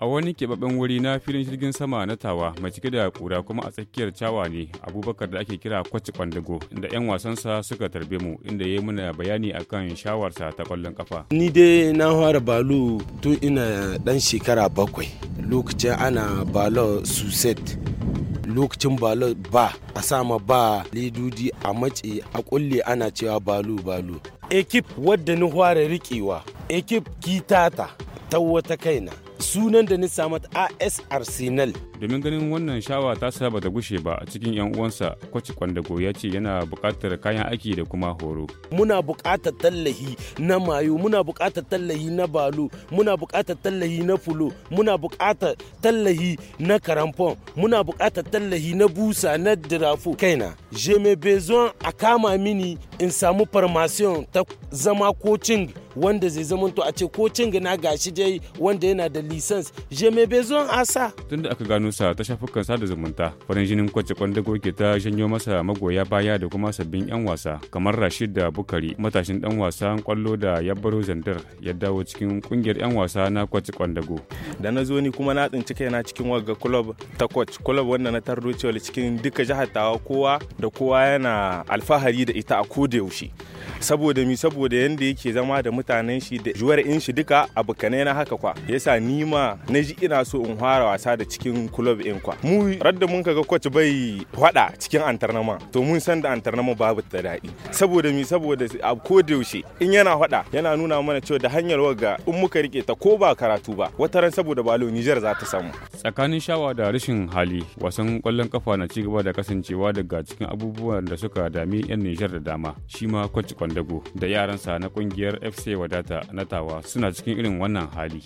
a wani keɓaɓɓen wuri na filin jirgin sama na tawa mai cike da kura kuma a tsakiyar cawa ne abubakar da ake kira kwaci kwandago da 'yan wasansa suka tarbe mu inda ya yi mana bayani kan shawarsa ta kwallon kafa ni dai na fara balo tun ina dan shekara bakwai lokacin ana balo suset lokacin balo ba a sama ba ledudi a mace a kulle ana cewa balo-balo ekip wadda ni fara riƙewa ekip kitata ta wata kaina sunan da na samu AS Arsenal. Domin ganin wannan shawa ta sa bata gushe ba a cikin 'yan uwansa kwaci kwandago ya ce yana buƙatar kayan aiki da kuma horo. Muna buƙatar tallahi na mayo, muna buƙatar tallahi na balo, muna buƙatar tallahi na fulo, muna buƙatar tallahi na karamfon, muna buƙatar tallahi na busa na dirafo. Kaina, je me bezon a kama mini in samu farmasiyon ta zama kocin wanda zai zama to a ce kocing na gashi dai wanda yana da lisans je mai bezon asa tunda aka gano sa ta shafukan sada zumunta farin jinin kwace kwandago ke ta janyo masa magoya baya da kuma sabbin yan wasa kamar rashid da bukari matashin dan wasa kwallo da ya baro zandar ya dawo cikin kungiyar yan wasa na kwace go da na zo ni kuma na tsinci kaina cikin wagga club ta coach club wanda na tardo cewa cikin duka jihar tawa kowa da kowa yana alfahari da ita a ko da yaushe saboda mi saboda yanda yake zama da mutanen shi da juwar in shi duka abu kane na haka kwa yasa ni ma na ji ina so in fara wasa da cikin club in kwa mu radda mun kaga coach bai hada cikin antarnama to mun san da antarnama babu ta dadi saboda mi saboda a da yaushe in yana hada yana nuna mana cewa da hanyar waga in muka rike ta ko ba karatu ba ran saboda balo Nijar za ta samu tsakanin shawa da rashin hali wasan kwallon kafa na ci gaba da kasancewa daga cikin abubuwan da suka dami yan Niger da dama shi ma coach kwandago da yaransa na kungiyar FC Wadata na Tawa suna cikin irin wannan hali.